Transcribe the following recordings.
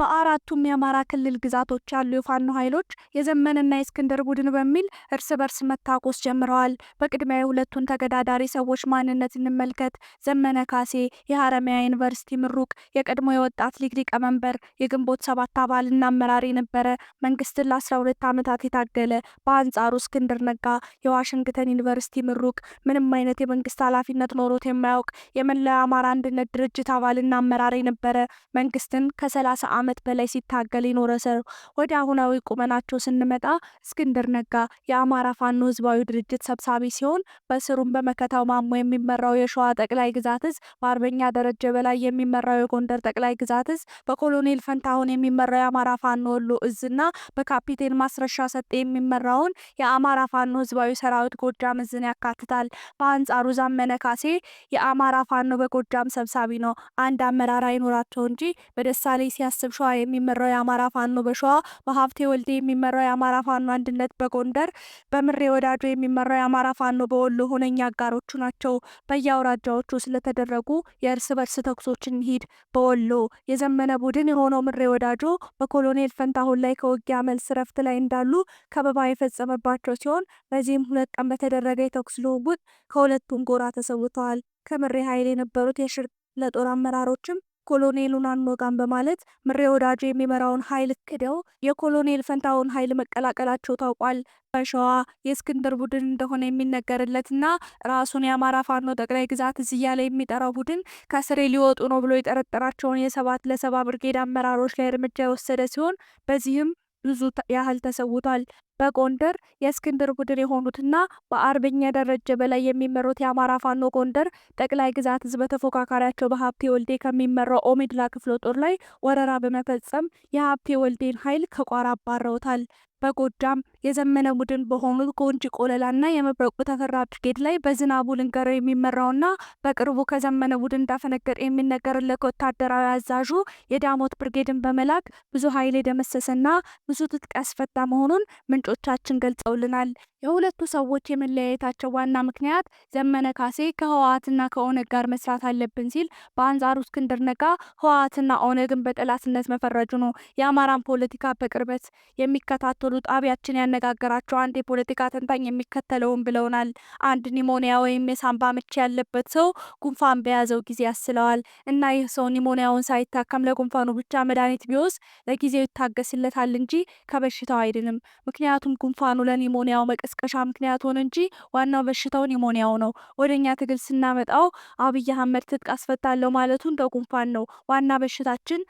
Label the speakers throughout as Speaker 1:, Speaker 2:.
Speaker 1: በአራቱም የአማራ ክልል ግዛቶች ያሉ የፋኖ ኃይሎች የዘመንና የእስክንድር ቡድን በሚል እርስ በርስ መታኮስ ጀምረዋል። በቅድሚያ የሁለቱን ተገዳዳሪ ሰዎች ማንነት እንመልከት። ዘመነ ካሴ የሀረማያ ዩኒቨርሲቲ ምሩቅ፣ የቀድሞ የወጣት ሊግ ሊቀመንበር፣ የግንቦት ሰባት አባልና አመራር የነበረ መንግስትን ለአስራ ሁለት ዓመታት የታገለ በአንጻሩ እስክንድር ነጋ የዋሽንግተን ዩኒቨርሲቲ ምሩቅ፣ ምንም አይነት የመንግስት ኃላፊነት ኖሮት የማያውቅ የመላው አማራ አንድነት ድርጅት አባልና አመራር የነበረ መንግስትን ከሰላሳ ዓመት በላይ ሲታገል የኖረ ሰው ወደ አሁናዊ ቁመናቸው ስንመጣ እስክንድር ነጋ የአማራ ፋኖ ህዝባዊ ድርጅት ሰብሳቢ ሲሆን በስሩም በመከታው ማሞ የሚመራው የሸዋ ጠቅላይ ግዛት እዝ፣ በአርበኛ ደረጀ በላይ የሚመራው የጎንደር ጠቅላይ ግዛት እዝ፣ በኮሎኔል ፈንታሁን የሚመራው የአማራ ፋኖ ወሎ እዝና በካፒቴን ማስረሻ ሰጤ የሚመራውን የአማራ ፋኖ ህዝባዊ ሰራዊት ጎጃም እዝን ያካትታል። በአንጻሩ ዛመነ ካሴ የአማራ ፋኖ በጎጃም ሰብሳቢ ነው። አንድ አመራር አይኖራቸው እንጂ በደሳሌ ሲያስብ በሸዋ የሚመራው የአማራ ፋኖ በሸዋ በሀብቴ ወልዴ የሚመራው የአማራ ፋኖ አንድነት በጎንደር በምሬ ወዳጆ የሚመራው የአማራ ፋኖ በወሎ ሁነኛ አጋሮቹ ናቸው። በየአውራጃዎቹ ስለተደረጉ የእርስ በርስ ተኩሶች እንሂድ። በወሎ የዘመነ ቡድን የሆነው ምሬ ወዳጆ በኮሎኔል ፈንታሁን ላይ ከውጊያ መልስ ረፍት ላይ እንዳሉ ከበባ የፈጸመባቸው ሲሆን በዚህም ሁለት ቀን በተደረገ የተኩስ ልውውጥ ከሁለቱም ጎራ ተሰውተዋል። ከምሬ ኃይል የነበሩት የሽር ለጦር አመራሮችም ኮሎኔሉን አንወጋም በማለት ምሬ ወዳጆ የሚመራውን ኃይል ክደው የኮሎኔል ፈንታውን ኃይል መቀላቀላቸው ታውቋል። በሸዋ የእስክንድር ቡድን እንደሆነ የሚነገርለትና ራሱን የአማራ ፋኖ ጠቅላይ ግዛት እዝ እያለ የሚጠራው ቡድን ከስሬ ሊወጡ ነው ብሎ የጠረጠራቸውን የሰባት ለሰባ ብርጌድ አመራሮች ላይ እርምጃ የወሰደ ሲሆን በዚህም ብዙ ያህል ተሰውቷል። በጎንደር የእስክንድር ቡድን የሆኑትና በአርበኛ ደረጀ በላይ የሚመሩት የአማራ ፋኖ ጎንደር ጠቅላይ ግዛት ህዝብ በተፎካካሪያቸው በሀብቴ ወልዴ ከሚመራው ኦሜድላ ክፍለ ጦር ላይ ወረራ በመፈጸም የሀብቴ ወልዴን ኃይል ከቋራ አባረውታል። በጎጃም የዘመነ ቡድን በሆኑት ጎንጂ ቆለላና የመብረቁ ተፈራ ብርጌድ ላይ በዝናቡ ልንገረው የሚመራውና በቅርቡ ከዘመነ ቡድን እንዳፈነገጠ የሚነገርለት ወታደራዊ አዛዡ የዳሞት ብርጌድን በመላክ ብዙ ኃይል የደመሰሰና ብዙ ትጥቅ ያስፈታ መሆኑን ምንጮ ምንጮቻችን ገልጸውልናል። የሁለቱ ሰዎች የመለያየታቸው ዋና ምክንያት ዘመነ ካሴ ከህወሓትና ከኦነግ ጋር መስራት አለብን ሲል፣ በአንጻሩ እስክንድር ነጋ ህወሓትና ኦነግን በጠላትነት መፈረጁ ነው። የአማራን ፖለቲካ በቅርበት የሚከታተሉ ጣቢያችን ያነጋገራቸው አንድ የፖለቲካ ተንታኝ የሚከተለውን ብለውናል። አንድ ኒሞኒያ ወይም የሳምባ ምች ያለበት ሰው ጉንፋን በያዘው ጊዜ ያስለዋል እና ይህ ሰው ኒሞኒያውን ሳይታከም ለጉንፋኑ ብቻ መድኃኒት ቢወስ ለጊዜው ይታገስለታል እንጂ ከበሽታው አይድንም። ምክንያቱም ጉንፋኑ ለኒሞኒያው መቀ መቀስቀሻ ምክንያት ሆነ እንጂ ዋናው በሽታው ኒሞኒያው ነው። ወደኛ ትግል ስናመጣው አብይ አህመድ ትጥቅ አስፈታለሁ ማለቱ እንደ ጉንፋን ነው። ዋና በሽታችን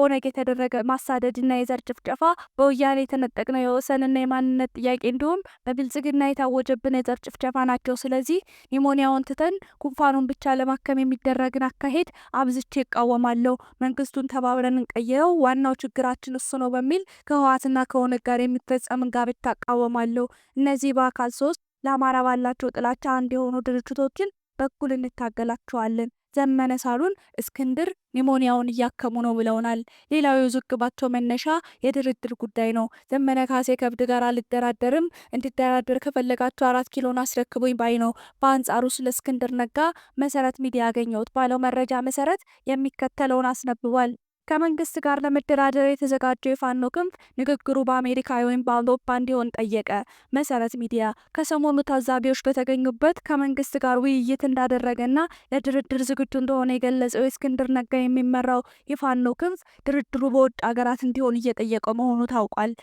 Speaker 1: ኦነግ የተደረገ ማሳደድና የዘር ጭፍጨፋ፣ በወያኔ የተነጠቅነው የወሰንና የማንነት ጥያቄ እንዲሁም በብልጽግና የታወጀብን የዘር ጭፍጨፋ ናቸው። ስለዚህ ኒሞኒያውን ትተን ጉንፋኑን ብቻ ለማከም የሚደረግን አካሄድ አብዝቼ ይቃወማለሁ። መንግስቱን ተባብረን እንቀይረው፣ ዋናው ችግራችን እሱ ነው በሚል ከህወሓትና ከኦነግ ጋር የሚፈጸምን ጋብቻ እቃወማለሁ። እነዚህ በአካል ሶስት ለአማራ ባላቸው ጥላቻ አንድ የሆኑ ድርጅቶችን በኩል እንታገላቸዋለን። ዘመነ ሳሉን እስክንድር ኒሞኒያውን እያከሙ ነው ብለውናል። ሌላው የውዝግባቸው መነሻ የድርድር ጉዳይ ነው። ዘመነ ካሴ ከብድ ጋር አልደራደርም፣ እንድደራደር ከፈለጋቸው አራት ኪሎን አስረክቡኝ ባይ ነው። በአንጻሩ ስለ እስክንድር ነጋ መሰረት ሚዲያ ያገኘሁት ባለው መረጃ መሰረት የሚከተለውን አስነብቧል። ከመንግስት ጋር ለመደራደር የተዘጋጀው የፋኖ ክንፍ ንግግሩ በአሜሪካ ወይም በአውሮፓ እንዲሆን ጠየቀ። መሰረት ሚዲያ ከሰሞኑ ታዛቢዎች በተገኙበት ከመንግስት ጋር ውይይት እንዳደረገና ለድርድር ዝግጁ እንደሆነ የገለጸው የእስክንድር ነጋ የሚመራው የፋኖ ክንፍ ድርድሩ በውጭ ሀገራት እንዲሆን እየጠየቀ መሆኑ ታውቋል።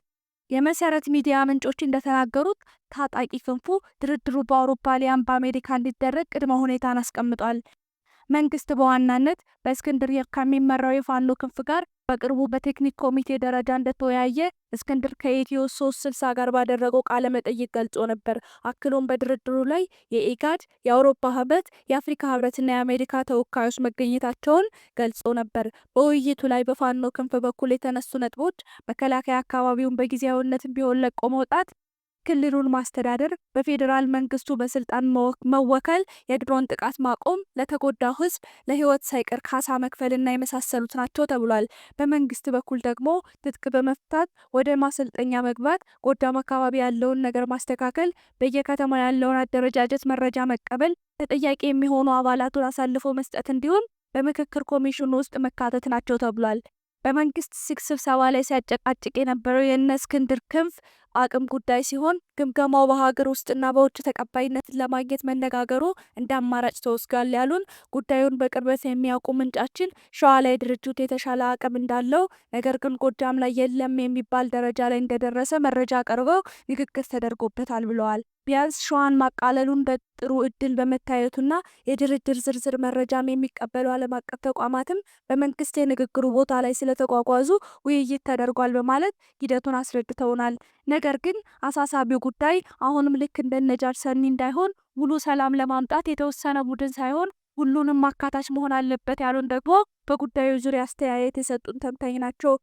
Speaker 1: የመሰረት ሚዲያ ምንጮች እንደተናገሩት ታጣቂ ክንፉ ድርድሩ በአውሮፓ ሊያም በአሜሪካ እንዲደረግ ቅድመ ሁኔታን አስቀምጧል። መንግስት በዋናነት በእስክንድር ከሚመራው የፋኖ ክንፍ ጋር በቅርቡ በቴክኒክ ኮሚቴ ደረጃ እንደተወያየ እስክንድር ከኢትዮ ሶስት ስልሳ ጋር ባደረገው ቃለ መጠይቅ ገልጾ ነበር። አክሎም በድርድሩ ላይ የኢጋድ፣ የአውሮፓ ህብረት፣ የአፍሪካ ህብረትና የአሜሪካ ተወካዮች መገኘታቸውን ገልጾ ነበር። በውይይቱ ላይ በፋኖ ክንፍ በኩል የተነሱ ነጥቦች መከላከያ አካባቢውን በጊዜያዊነት ቢሆን ለቆ መውጣት ክልሉን ማስተዳደር፣ በፌዴራል መንግስቱ በስልጣን መወከል፣ የድሮን ጥቃት ማቆም፣ ለተጎዳው ህዝብ ለህይወት ሳይቀር ካሳ መክፈልና የመሳሰሉት ናቸው ተብሏል። በመንግስት በኩል ደግሞ ትጥቅ በመፍታት ወደ ማሰልጠኛ መግባት፣ ጎዳም አካባቢ ያለውን ነገር ማስተካከል፣ በየከተማ ያለውን አደረጃጀት መረጃ መቀበል፣ ተጠያቂ የሚሆኑ አባላቱን አሳልፎ መስጠት እንዲሁም በምክክር ኮሚሽኑ ውስጥ መካተት ናቸው ተብሏል። በመንግስት ስብሰባ ላይ ሲያጨቃጭቅ የነበረው የእነ እስክንድር ክንፍ አቅም ጉዳይ ሲሆን ግምገማው በሀገር ውስጥና በውጭ ተቀባይነትን ለማግኘት መነጋገሩ እንደ አማራጭ ተወስዷል ያሉን ጉዳዩን በቅርበት የሚያውቁ ምንጫችን ሸዋ ላይ ድርጅቱ የተሻለ አቅም እንዳለው ነገር ግን ጎጃም ላይ የለም የሚባል ደረጃ ላይ እንደደረሰ መረጃ ቀርበው ንግግር ተደርጎበታል ብለዋል። ቢያንስ ሸዋን ማቃለሉን በጥሩ እድል በመታየቱና የድርድር ዝርዝር መረጃም የሚቀበሉ ዓለም አቀፍ ተቋማትም በመንግስት የንግግሩ ቦታ ላይ ስለተጓጓዙ ውይይት ተደርጓል በማለት ሂደቱን አስረድተውናል። ነገር ግን አሳሳቢው ጉዳይ አሁንም ልክ ነጃድ ሰኒ እንዳይሆን ሙሉ ሰላም ለማምጣት የተወሰነ ቡድን ሳይሆን ሁሉንም አካታች መሆን አለበት ያሉን ደግሞ በጉዳዩ ዙሪያ አስተያየት የሰጡን ተንታኝ ናቸው።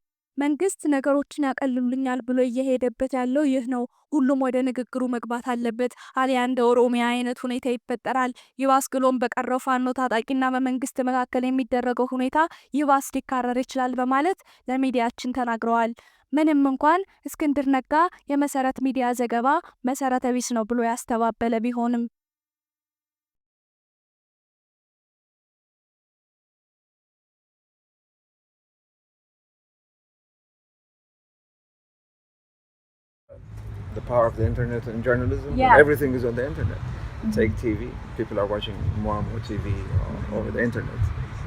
Speaker 1: መንግስት ነገሮችን ያቀልሉኛል ብሎ እየሄደበት ያለው ይህ ነው። ሁሉም ወደ ንግግሩ መግባት አለበት፣ አሊያ እንደ ኦሮሚያ አይነት ሁኔታ ይፈጠራል። ይባስ ግሎም በቀረው ፋኖ ታጣቂና በመንግስት መካከል የሚደረገው ሁኔታ ይባስ ሊካረር ይችላል በማለት ለሚዲያችን ተናግረዋል። ምንም እንኳን እስክንድር ነጋ የመሰረት ሚዲያ ዘገባ መሰረተ ቢስ ነው ብሎ ያስተባበለ ቢሆንም
Speaker 2: power of the internet and journalism. Yeah. Everything is on the internet. Mm-hmm. Take TV. People are watching more and more TV mm-hmm. over the internet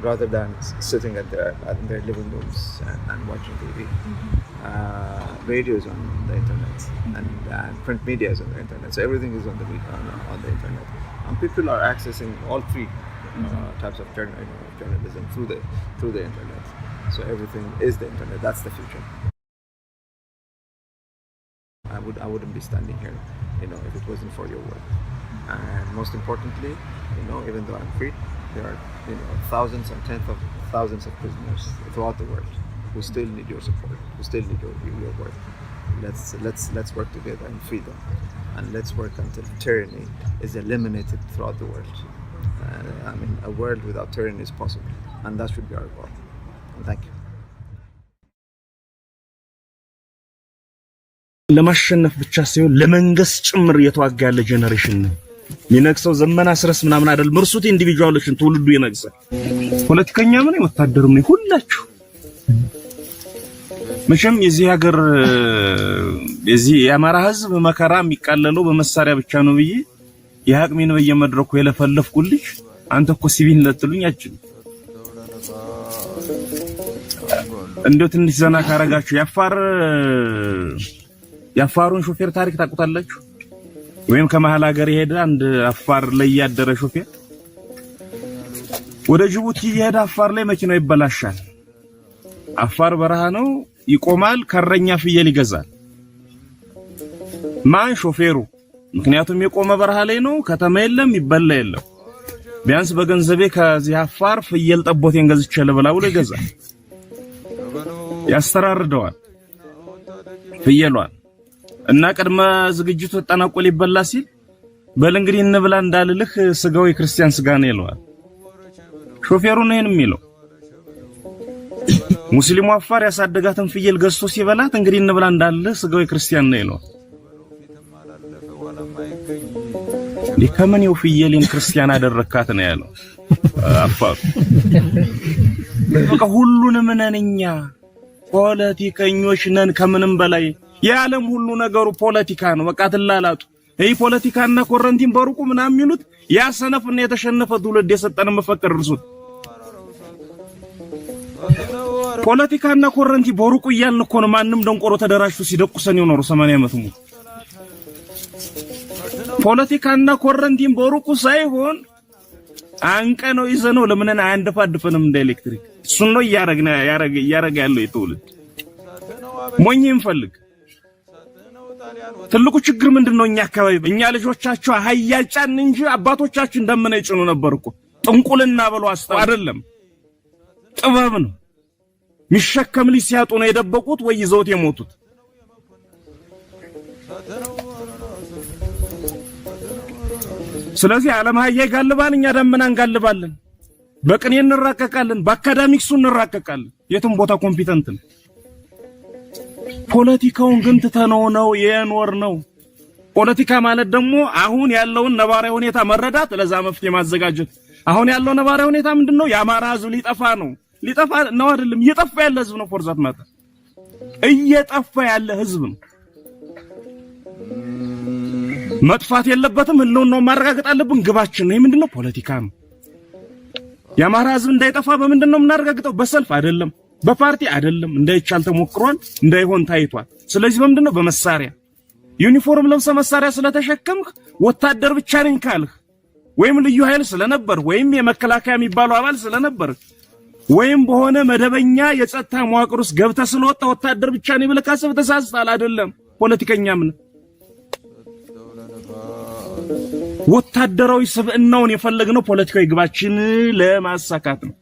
Speaker 2: rather than sitting at their, at their living rooms and, and watching TV. Mm-hmm. Uh, radio is on the internet mm-hmm. and print media is on the internet. So everything is on the, on, on the internet. And people are accessing all three uh, mm-hmm. types of journalism through the, through the internet. So everything is the internet. That's the future would I wouldn't be standing here, you know, if it wasn't for your work. And most importantly, you know, even though I'm free, there are you know thousands and tens of thousands of prisoners throughout the world who still need your support, who still need your, your work. Let's let's let's work together and free them, and let's work until tyranny is eliminated throughout the world. Uh, I mean, a world without tyranny is possible, and that should be our goal. Thank you.
Speaker 3: ለማሸነፍ ብቻ ሳይሆን ለመንገስ ጭምር እየተዋጋ ያለ ጄኔሬሽን ነው የሚነግሰው። ዘመን አስረስ ምናምን አይደል? ምርሱት ኢንዲቪጁዋሎችን ትውልዱ ይነግሳል። ፖለቲከኛ ምን ወታደርም ነው ሁላችሁ። መቼም የዚህ ሀገር የዚህ የአማራ ህዝብ መከራ የሚቃለለው በመሳሪያ ብቻ ነው ብዬ የአቅሜን በየመድረኩ የለፈለፍኩልሽ አንተ እኮ ሲቪል ለጥሉኝ አችል እንዴው ትንሽ ዘና ካረጋችሁ ያፋር የአፋሩን ሾፌር ታሪክ ታውቁታላችሁ? ወይም ከመሀል ሀገር የሄደ አንድ አፋር ላይ ያደረ ሾፌር ወደ ጅቡቲ እየሄደ አፋር ላይ መኪናው ይበላሻል። አፋር በረሃ ነው፣ ይቆማል። ከረኛ ፍየል ይገዛል። ማን ሾፌሩ? ምክንያቱም የቆመ በረሃ ላይ ነው፣ ከተማ የለም፣ ይበላ የለም። ቢያንስ በገንዘቤ ከዚህ አፋር ፍየል ጠቦቴን ገዝቼ ልብላ ብሎ ይገዛል። ያስተራርደዋል ፍየሏን እና ቅድመ ዝግጅቱ ተጠናቆ ሊበላ ሲል በል እንግዲህ እንብላ እንዳልልህ ስጋው የክርስቲያን ስጋ ነው ይለዋል። ሾፌሩ ነው ይሄን የሚለው። ሙስሊሙ አፋር ያሳደጋትን ፍየል ገዝቶ ሲበላት እንግዲህ እንብላ እንዳልልህ ስጋው የክርስቲያን ነው ይለዋል። ከምን ፍየሌን ክርስቲያን አደረካት ነው ያለው አፋሩ። በቃ ሁሉንም ነን እኛ ፖለቲከኞች ነን ከምንም በላይ የዓለም ሁሉ ነገሩ ፖለቲካ ነው። በቃ ትላላጡ ይህ ፖለቲካና ኮረንቲን በሩቁ ምናምን የሚሉት ያ ሰነፍና የተሸነፈ ትውልድ የሰጠን መፈክር እርሱት ፖለቲካና ኮረንቲ በሩቁ እያልን እኮ ነው። ማንም ደንቆሮ ተደራሹ ሲደቁሰን የኖሩ 80 ዓመት ሙሉ ፖለቲካና ኮረንቲን በሩቁ ሳይሆን አንቀ ነው ይዘ ነው ለምንን አያንደፋድፈንም እንደ ኤሌክትሪክ እሱን ነው እያረግና ያረግ ያረግ ያለው የትውልድ ሞኝ ይንፈልግ ትልቁ ችግር ምንድን ነው? እኛ አካባቢ እኛ ልጆቻቸው አህያ ጫን እንጂ አባቶቻችን ደመና ይጭኑ ነበር እኮ። ጥንቁልና ብሎ አስተው አይደለም ጥበብ ነው። ሚሸከም ልጅ ሲያጡ ነው የደበቁት ወይ ይዘውት የሞቱት። ስለዚህ ዓለም አህያ ይጋልባል፣ እኛ ደመና እንጋልባለን። በቅኔ እንራቀቃለን፣ በአካዳሚክሱ እንራቀቃለን። የትም ቦታ ኮምፒተንት ነው። ፖለቲካውን ግን ትተነው ነው የኖር ነው። ፖለቲካ ማለት ደግሞ አሁን ያለውን ነባራዊ ሁኔታ መረዳት፣ ለዛ መፍትሄ ማዘጋጀት። አሁን ያለው ነባራዊ ሁኔታ ምንድን ነው? የአማራ ህዝብ ሊጠፋ ነው። ሊጠፋ ነው አይደለም፣ እየጠፋ ያለ ህዝብ ነው። ፎርዛት ማለት እየጠፋ ያለ ህዝብ ነው። መጥፋት የለበትም። ነው ማረጋገጥ አለብን። ግባችን ነው። ምንድነው? ፖለቲካ ነው። የአማራ ህዝብ እንዳይጠፋ በምንድን ነው የምናረጋግጠው? በሰልፍ አይደለም። በፓርቲ አይደለም እንዳይቻል ተሞክሯል፣ እንዳይሆን ታይቷል። ስለዚህ በምንድነው በመሳሪያ ዩኒፎርም ለብሰ መሳሪያ ስለተሸከምህ ወታደር ብቻ ነኝ ካልህ ወይም ልዩ ኃይል ስለነበር ወይም የመከላከያ የሚባለው አባል ስለነበር ወይም በሆነ መደበኛ የጸጥታ መዋቅር ውስጥ ገብተህ ስለወጣ ወታደር ብቻ ነው ብለህ ካሰብህ ተሳስተሃል። አይደለም ፖለቲከኛም ነህ። ወታደራዊ ስብዕናውን የፈለግነው ፖለቲካዊ ግባችን ለማሳካት ነው።